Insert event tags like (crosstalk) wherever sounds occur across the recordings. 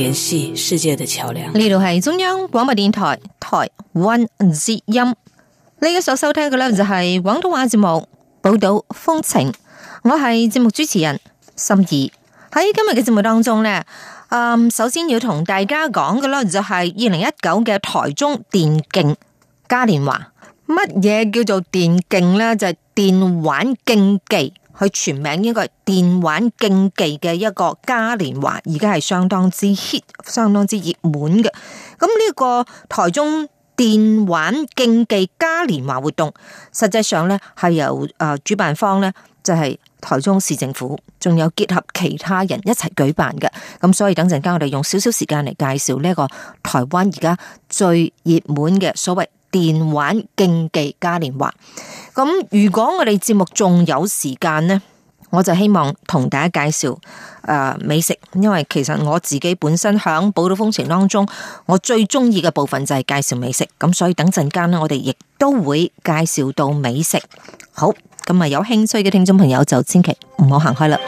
聯繫世界的橋樑。呢度係中央廣播電台台灣之音。你而家所收聽嘅呢，就係廣東話節目《寶島風情》，我係節目主持人心怡。喺今日嘅節目當中呢，嗯，首先要同大家講嘅呢，就係二零一九嘅台中電競嘉年華。乜嘢叫做電競呢？就係電玩競技。佢全名應該係電玩競技嘅一個嘉年華，而家係相當之 hit，相當之熱門嘅。咁呢個台中電玩競技嘉年華活動，實際上咧係由誒主辦方咧就係、是、台中市政府，仲有結合其他人一齊舉辦嘅。咁所以等陣間我哋用少少時間嚟介紹呢一個台灣而家最熱門嘅所謂電玩競技嘉年華。咁如果我哋節目仲有時間呢，我就希望同大家介紹誒、呃、美食，因為其實我自己本身響《寶島風情》當中，我最中意嘅部分就係介紹美食，咁所以等陣間呢，我哋亦都會介紹到美食。好，咁啊有興趣嘅聽眾朋友就千祈唔好行開啦。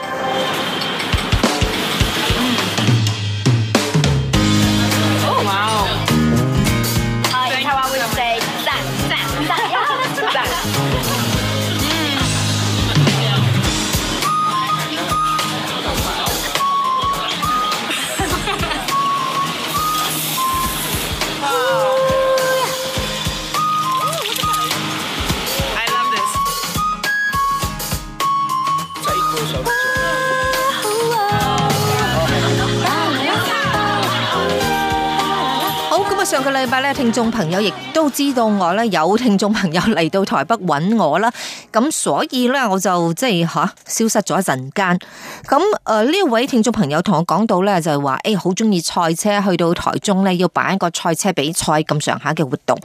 咧聽眾朋友亦都知道我咧，有聽眾朋友嚟到台北揾我啦，咁所以咧我就即係吓消失咗一陣間。咁誒呢位聽眾朋友同我講到咧就係話，誒好中意賽車，去到台中咧要擺一個賽車比賽咁上下嘅活動。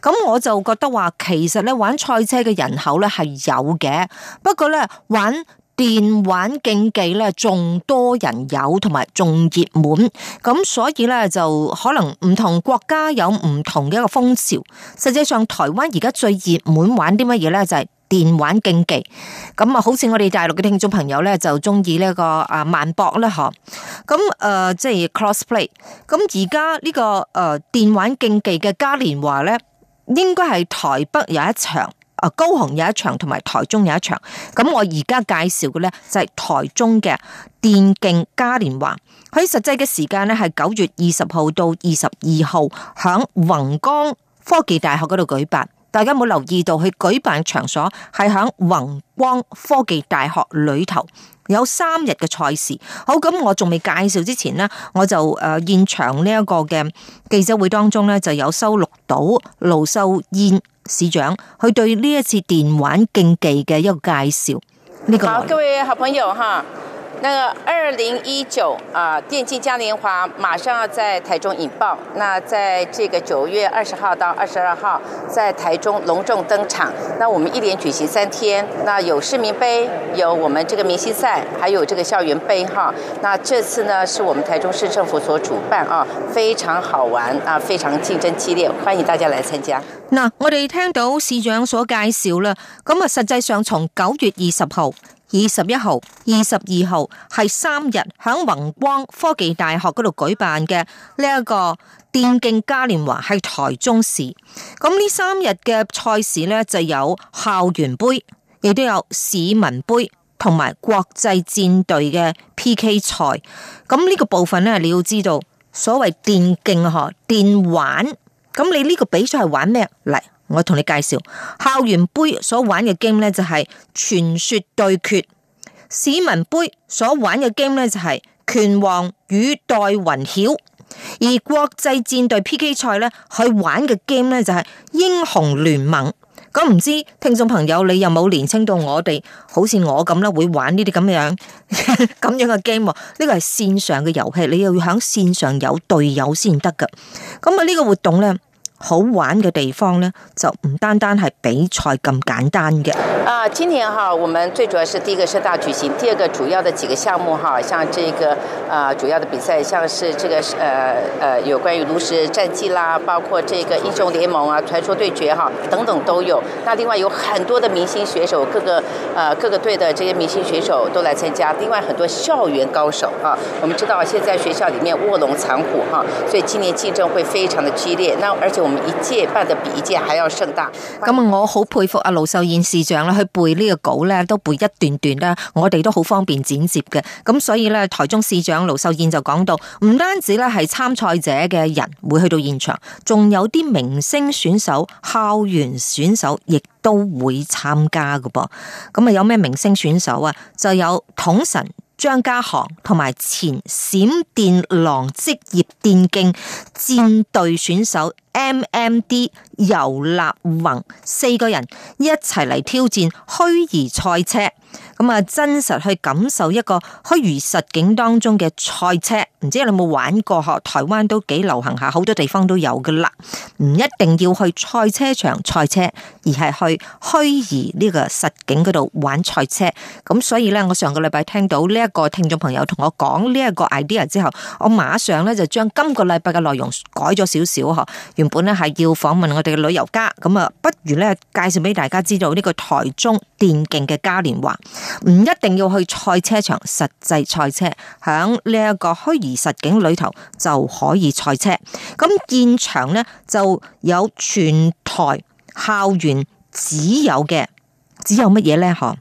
咁我就覺得話，其實咧玩賽車嘅人口咧係有嘅，不過咧玩。電玩競技咧，仲多人有同埋仲熱門，咁所以咧就可能唔同國家有唔同嘅一個風潮。實際上，台灣而家最熱門玩啲乜嘢咧，就係、是、電玩競技。咁啊，好似我哋大陸嘅聽眾朋友咧，就中意、這個啊、呢個啊萬博啦，嗬。咁誒，即係 Crossplay、啊。咁而家呢個誒電玩競技嘅嘉年華咧，應該係台北有一場。啊高雄有一場，同埋台中有一場。咁我而家介紹嘅呢，就係、是、台中嘅電競嘉年華。喺實際嘅時間呢，係九月二十號到二十二號，響弘光科技大學嗰度舉辦。大家冇留意到，佢舉辦場所係響弘光科技大學裏頭，有三日嘅賽事。好，咁我仲未介紹之前呢，我就誒、呃、現場呢一個嘅記者會當中呢，就有收錄到盧秀燕。市長佢對呢一次電玩競技嘅一個介紹，呢、這個好、啊、各位好朋友吓。哈那二零一九啊，電競嘉年華馬上要在台中引爆。那在這個九月二十號到二十二號，在台中隆重登場。那我們一連舉行三天，那有市民杯，有我們這個明星賽，還有這個校園杯哈。那這次呢，是我們台中市政府所主辦啊，非常好玩啊，非常競爭激烈，歡迎大家來參加。那、呃、我哋聽到市長所介紹啦，咁啊，實際上從九月二十號。二十一號、二十二號，係三日響弘光科技大學嗰度舉辦嘅呢一個電競嘉年華，喺台中市。咁呢三日嘅賽事呢，就有校園杯，亦都有市民杯，同埋國際戰隊嘅 PK 賽。咁呢個部分呢，你要知道所謂電競呵，電玩，咁你呢個比賽係玩咩？嚟？我同你介紹，校園杯所玩嘅 game 咧就係傳說對決，市民杯所玩嘅 game 咧就係拳皇與侍魂曉，而國際戰隊 PK 賽咧去玩嘅 game 咧就係英雄聯盟。咁唔知聽眾朋友，你有冇年輕到我哋，好似我咁啦，會玩呢啲咁樣咁 (laughs) 樣嘅 game？呢、這個係線上嘅遊戲，你又要喺線上有隊友先得噶。咁啊，呢個活動咧。好玩嘅地方呢，就唔單單係比賽咁簡單嘅。啊，今年哈、啊，我們最主要是第一個是大舉行，第二個主要的幾個項目哈、啊，像這個，啊，主要的比賽，像是這個，呃、啊，呃、啊，有關於爐石戰記啦、啊，包括這個英雄聯盟啊，傳說對決哈、啊，等等都有。那另外有很多的明星選手，各個，呃、啊，各個隊的這些明星選手都來參加。另外很多校園高手啊，我們知道現在學校裏面臥龍藏虎哈，所以今年競爭會非常的激烈。那而且。我們一屆辦得比一屆還要盛大。咁啊，我好佩服啊，盧秀燕市長啦，佢背呢個稿咧都背一段段啦。我哋都好方便剪接嘅。咁所以咧，台中市長盧秀燕就講到，唔單止咧係參賽者嘅人會去到現場，仲有啲明星選手、校園選手亦都會參加㗎噃。咁啊，有咩明星選手啊？就有統神張嘉航同埋前閃電狼職業電競戰隊選手。M.M.D. 遊立宏四個人一齊嚟挑戰虛擬賽車，咁啊真實去感受一個虛擬實境當中嘅賽車。唔知你有冇玩過？嗬，台灣都幾流行下，好多地方都有噶啦。唔一定要去賽車場賽車，而係去虛擬呢個實境嗰度玩賽車。咁所以咧，我上個禮拜聽到呢一個聽眾朋友同我講呢一個 idea 之後，我馬上咧就將今個禮拜嘅內容改咗少少嗬。原本咧係要訪問我哋嘅旅遊家，咁啊，不如咧介紹俾大家知道呢個台中電競嘅嘉年華，唔一定要去賽車場實際賽車，喺呢一個虛擬實景裏頭就可以賽車。咁現場呢，就有全台校園只有嘅，只有乜嘢呢？嗬？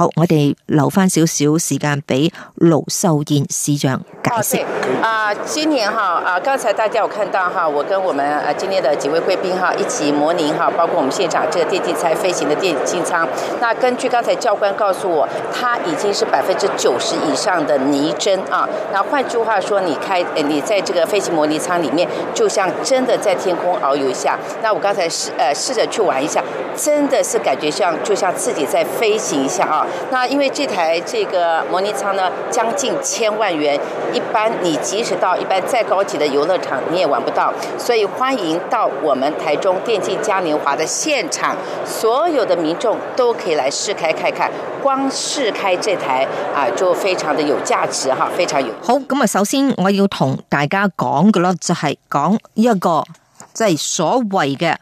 好，我哋留翻少少時間俾盧秀燕市長感謝、啊。啊，今年哈，啊，剛才大家有看到哈，我跟我們啊今天的幾位貴賓哈一起模擬哈，包括我們現場這個電競賽飛行的電競賽艙。那根據剛才教官告訴我，它已經是百分之九十以上的擬真啊。那換句話說，你開、呃、你在這個飛行模擬艙裏面，就像真的在天空遨遊一下。那我剛才是誒、呃、試着去玩一下，真的是感覺像就像自己在飛行一下啊。那因為這台這個模擬艙呢，將近千萬元，一般你即使到一般再高級的遊樂場，你也玩不到，所以歡迎到我們台中電競嘉年華的現場，所有的民眾都可以來試開看看，光試開這台啊，就非常的有價值哈，非常有。好，咁啊，首先我要同大家講嘅咯，就係講一個即係所謂嘅。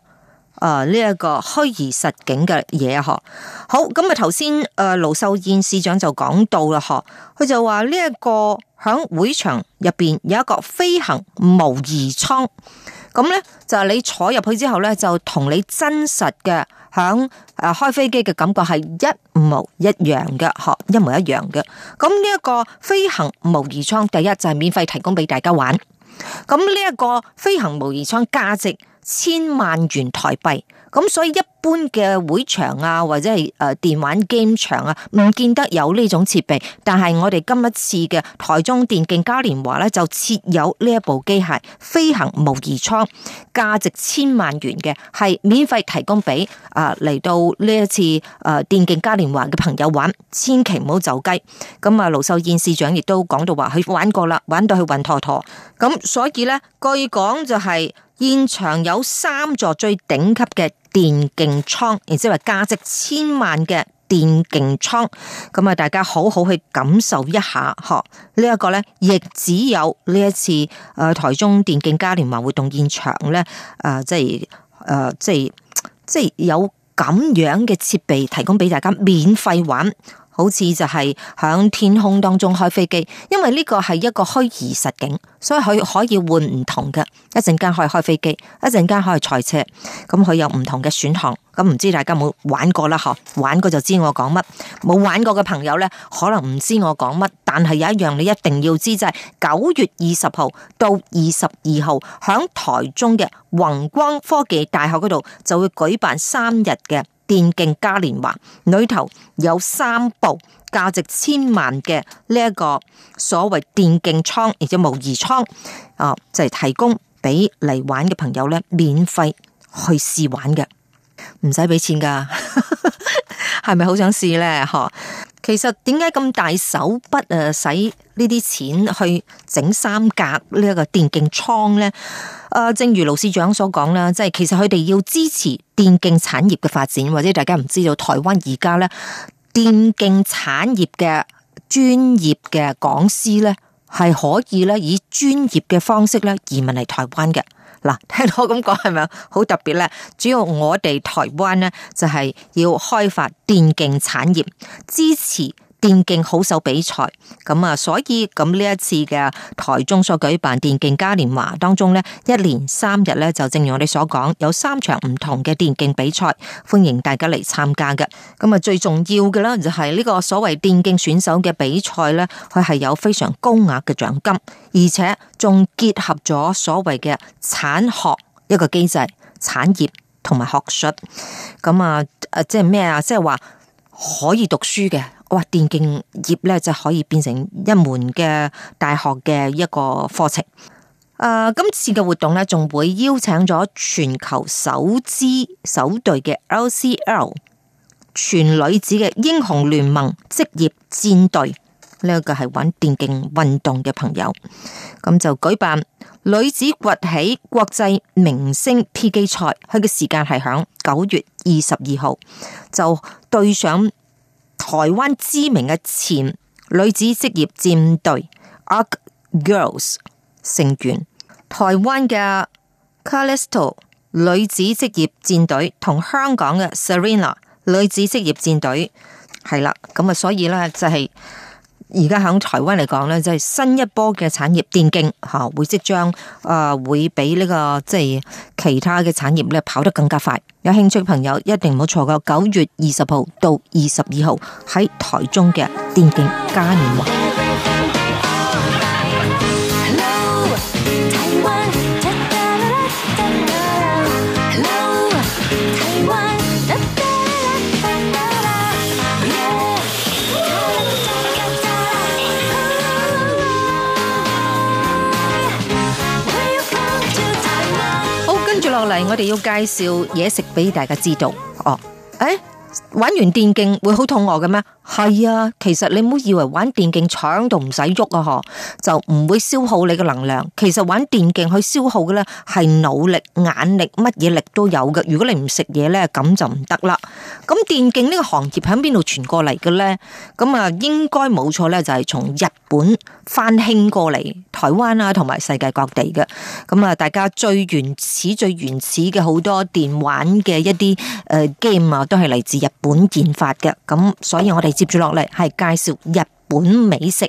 誒，呢一、啊，這個虛擬實境嘅嘢嗬，好咁啊！頭先，誒，盧秀燕市長就講到啦，嗬、啊，佢就話呢一個響會場入邊有一個飛行模擬艙，咁咧就係你坐入去之後咧，就同你真實嘅響誒開飛機嘅感覺係一模一樣嘅，嗬，一模一樣嘅。咁呢一個飛行模擬艙，第一就係、是、免費提供俾大家玩，咁呢一個飛行模擬艙價值。千萬元台幣，咁所以一般嘅會場啊，或者係誒電玩 game 場啊，唔見得有呢種設備。但係我哋今一次嘅台中電競嘉年華咧，就設有呢一部機械飛行模擬艙，價值千萬元嘅，係免費提供俾啊嚟到呢一次誒電競嘉年華嘅朋友玩。千祈唔好走雞咁啊！盧秀燕市長亦都講到話，佢玩過啦，玩到去暈陀陀咁，所以咧據講就係現場有三座最頂級嘅。電競倉，亦即係話價值千萬嘅電競倉，咁啊，大家好好去感受一下呵。呢一個咧，亦只有呢一次誒，台中電競嘉年華活動現場咧，誒、呃，即係誒、呃，即係即係有咁樣嘅設備提供俾大家免費玩。好似就係響天空當中開飛機，因為呢個係一個虛擬實境，所以佢可以換唔同嘅，一陣間可以開飛機，一陣間可以賽車，咁佢有唔同嘅選項。咁唔知大家有冇玩過啦，吓？玩過就知我講乜，冇玩過嘅朋友呢，可能唔知我講乜。但係有一樣你一定要知就係九月二十號到二十二號，響台中嘅弘光科技大學嗰度就會舉辦三日嘅。電競嘉年華裏頭有三部價值千萬嘅，呢一個所謂電競倉，亦即模擬倉，啊、哦，就係、是、提供俾嚟，玩嘅朋友免費去試玩嘅。唔使俾錢噶，係咪好想試呢？其實點解咁大手筆啊，使呢啲錢去整三格呢一個電競倉咧？正如盧市長所講啦，即係其實佢哋要支持電競產業嘅發展，或者大家唔知道台灣而家呢電競產業嘅專業嘅講師呢，係可以咧以專業嘅方式呢移民嚟台灣嘅。嗱，聽我咁講係咪啊？好特別呢？主要我哋台灣呢，就係要開發電競產業，支持。電競好手比賽咁啊，所以咁呢一次嘅台中所舉辦電競嘉年華當中咧，一連三日咧就正如我哋所講，有三場唔同嘅電競比賽，歡迎大家嚟參加嘅。咁啊，最重要嘅啦就係呢個所謂電競選手嘅比賽咧，佢係有非常高額嘅獎金，而且仲結合咗所謂嘅產學一個機制，產業同埋學術。咁啊，誒，即係咩啊？即係話。可以讀書嘅，我話電競業咧就可以變成一門嘅大學嘅一個課程。呃，今次嘅活動咧，仲會邀請咗全球首支首隊嘅 LCL 全女子嘅英雄聯盟職業戰隊。呢個係玩電競運動嘅朋友，咁就舉辦女子崛起國際明星 PK 賽，佢嘅時間係響九月二十二號，就對上台灣知名嘅前女子職業戰隊 Arc Girls 成員，台灣嘅 Callisto 女子職業戰隊同香港嘅 Serena 女子職業戰隊，係啦，咁啊，所以呢，就係、是。而家喺台灣嚟講咧，就係、是、新一波嘅產業電競吓、呃，會、這個、即係將比呢個即係其他嘅產業咧跑得更加快。有興趣的朋友一定唔好錯過九月二十號到二十二號喺台中嘅電競嘉年華。我哋要介紹嘢食俾大家知道，哦，誒、哎。玩完電競會好肚餓嘅咩？係啊，其實你唔好以為玩電競搶到唔使喐啊，嗬，就唔會消耗你嘅能量。其實玩電競去消耗嘅咧，係腦力、眼力、乜嘢力都有嘅。如果你唔食嘢咧，咁就唔得啦。咁、嗯、電競呢個行業喺邊度傳過嚟嘅咧？咁、嗯就是、啊，應該冇錯咧，就係從日本翻興過嚟台灣啊，同埋世界各地嘅。咁、嗯、啊，大家最原始、最原始嘅好多電玩嘅一啲誒 game 啊，都係嚟自日本。本見法嘅，咁所以我哋接住落嚟係介紹日本美食。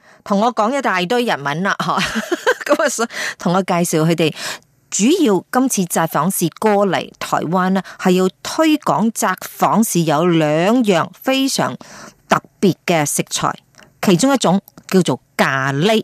同我講一大堆日文啦，咁啊，想 (laughs) 同我介紹佢哋。主要今次札幌市過嚟台灣咧，係要推廣札幌市，有兩樣非常特別嘅食材，其中一種叫做咖喱。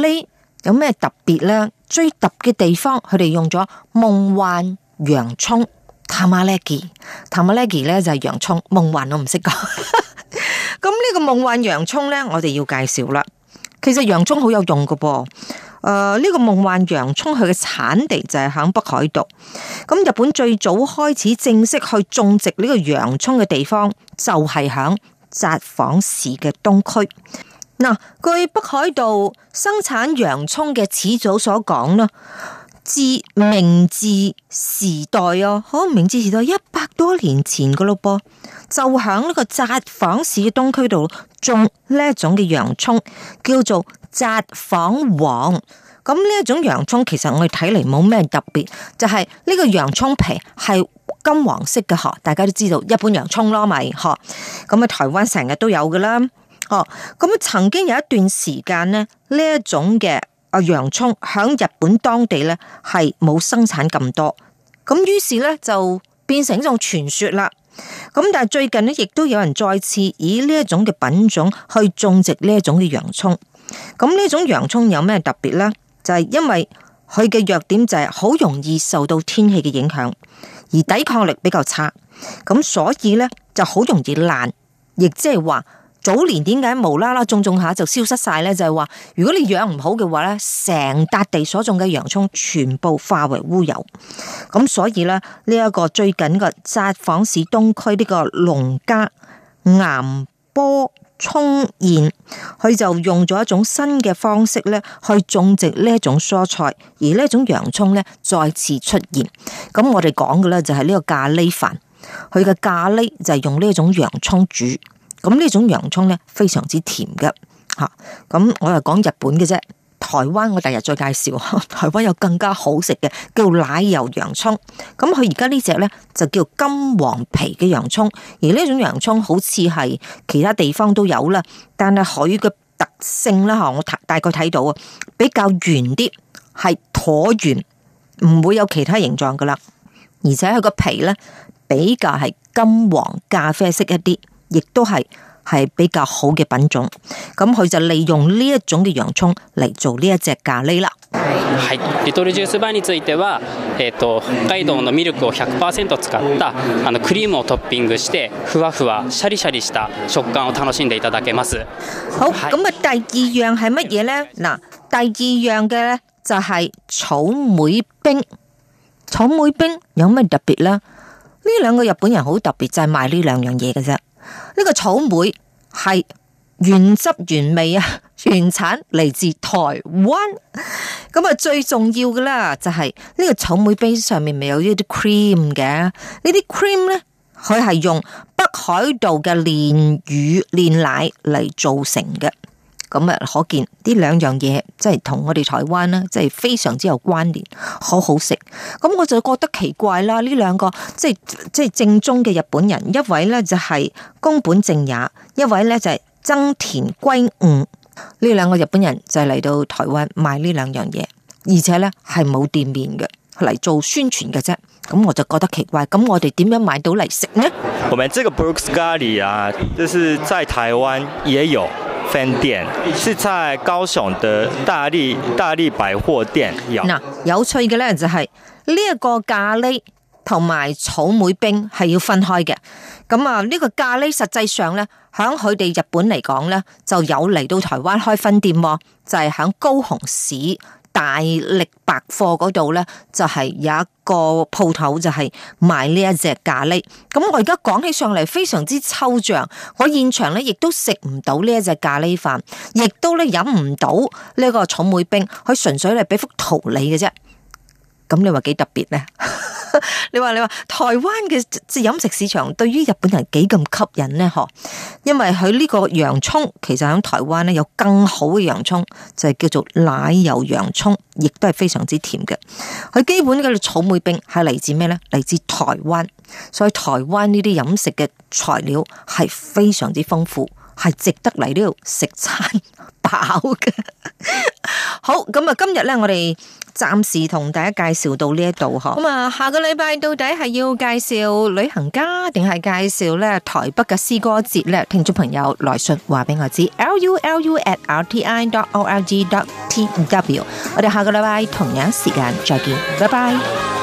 呢有咩特別呢？最特別嘅地方，佢哋用咗夢幻洋葱。Tamaleggy Tamaleggy 咧就係洋葱。夢幻我唔識講。咁 (laughs) 呢個夢幻洋葱呢，我哋要介紹啦。其實洋葱好有用噶噃。誒、呃，呢、這個夢幻洋葱佢嘅產地就係響北海道。咁日本最早開始正式去種植呢個洋葱嘅地方，就係、是、響札幌市嘅東區。嗱，據北海道生產洋蔥嘅始祖所講啦，自明治時代哦，好明治時代一百多年前噶咯噃，就響呢個札幌市東區度種呢一種嘅洋蔥，叫做札幌黃。咁呢一種洋蔥其實我哋睇嚟冇咩特別，就係、是、呢個洋蔥皮係金黃色嘅呵，大家都知道一般洋蔥咯咪呵，咁、嗯、啊台灣成日都有噶啦。哦，咁、嗯、曾經有一段時間呢，呢一種嘅啊洋蔥喺日本當地咧係冇生產咁多，咁於是咧就變成一種傳說啦。咁、嗯、但係最近呢，亦都有人再次以呢一種嘅品種去種植呢一種嘅洋蔥。咁、嗯、呢種洋蔥有咩特別咧？就係、是、因為佢嘅弱點就係好容易受到天氣嘅影響，而抵抗力比較差，咁、嗯、所以咧就好容易爛，亦即係話。早年點解無啦啦種種下就消失晒呢？就係、是、話如果你養唔好嘅話呢，成笪地所種嘅洋蔥全部化為烏有。咁所以呢，呢、這、一個最近嘅札幌市東區呢個農家岩波蔥園，佢就用咗一種新嘅方式呢去種植呢一種蔬菜，而呢一種洋蔥呢再次出現。咁我哋講嘅呢，就係、是、呢個咖喱飯，佢嘅咖喱就係用呢一種洋蔥煮。咁呢種洋葱咧，非常之甜嘅吓。咁、啊、我係講日本嘅啫，台灣我第日再介紹，台灣有更加好食嘅叫奶油洋葱。咁佢而家呢隻咧就叫金黃皮嘅洋葱，而呢種洋葱好似係其他地方都有啦，但係佢嘅特性咧吓，我大大概睇到啊，比較圓啲，係橢圓，唔會有其他形狀噶啦。而且佢個皮咧比較係金黃咖啡色一啲。亦都係係比較好嘅品種，咁佢就利用呢一種嘅洋葱嚟做呢一隻咖喱啦。係係。伊豆のジュースバーについては、北海道のミルクを100%使ったクリームをトッピングしてふわふわシャリシャリした食感を楽しんでいただけます。好，咁啊，第二樣係乜嘢咧？嗱，第二樣嘅咧就係草莓冰。草莓冰有乜特別咧？呢兩個日本人好特別，就係賣呢兩樣嘢嘅啫。呢個草莓係原汁原味啊，原產嚟自台灣。咁啊，最重要嘅咧就係呢個草莓杯上面咪有呢啲 cream 嘅，呢啲 cream 咧佢係用北海道嘅煉乳煉奶嚟做成嘅。咁啊，可見呢兩樣嘢即係同我哋台灣呢即係非常之有關聯，好好食。咁我就覺得奇怪啦，呢兩個即係即係正宗嘅日本人，一位呢就係宮本正也，一位呢就係增田歸悟。呢兩個日本人就嚟到台灣賣呢兩樣嘢，而且呢係冇店面嘅，嚟做宣傳嘅啫。咁我就覺得奇怪，咁我哋點樣買到嚟食呢？我們這個 Brooks 咖喱啊，即是在台灣也有。分店是在高雄的大力大力百貨店。有嗱 (music) 有趣嘅呢、就是，就係呢一個咖喱同埋草莓冰係要分開嘅。咁啊，呢個咖喱實際上呢，喺佢哋日本嚟講呢，就有嚟到台灣開分店，啊，就係、是、喺高雄市大力百貨嗰度呢，就係、是、有一個鋪頭，就係賣呢一隻咖喱。咁我而家講起上嚟非常之抽象，我現場呢，亦都食唔到呢一隻咖喱飯，亦都咧飲唔到呢個草莓冰，佢純粹係俾幅圖你嘅啫。咁你話幾特別呢？ (laughs) 你話，你話台灣嘅飲食市場對於日本人幾咁吸引呢？嗬，因為佢呢個洋蔥其實喺台灣咧有更好嘅洋蔥，就係叫做奶油洋蔥，亦都係非常之甜嘅。佢基本嘅草莓冰係嚟自咩呢？嚟自台灣。所以台灣呢啲飲食嘅材料係非常之豐富，係值得嚟呢度食餐飽嘅。好，咁啊，今日咧，我哋暫時同大家介紹到呢一度呵。咁啊，下個禮拜到底係要介紹旅行家，定係介紹咧台北嘅詩歌節咧？聽眾朋友來信話俾我知，l u l u at r t i dot o l g dot t w。我哋下個禮拜同樣時間再見，拜拜。